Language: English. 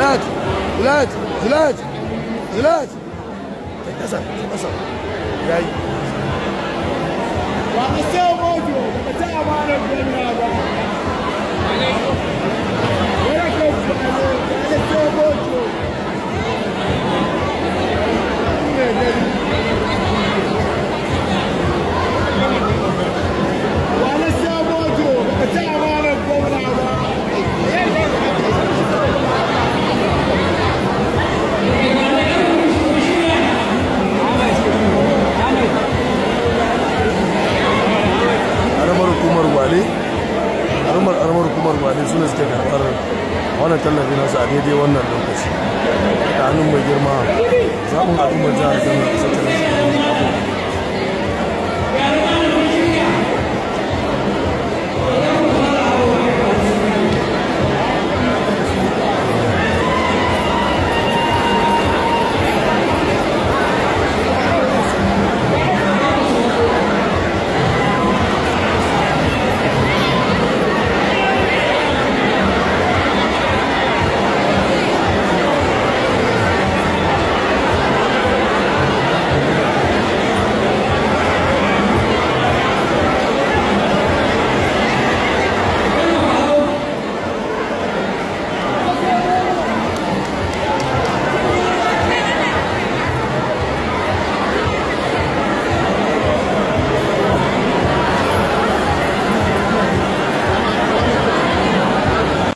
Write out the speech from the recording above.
Vlad, Vlad, Vlad, Vlad. Take this out, take karamar karamar hukumar ne suna suke karɓar wannan tallafi nasu a daidai wannan lokaci da hannun mai girma zaɓin al'ummar jihar kano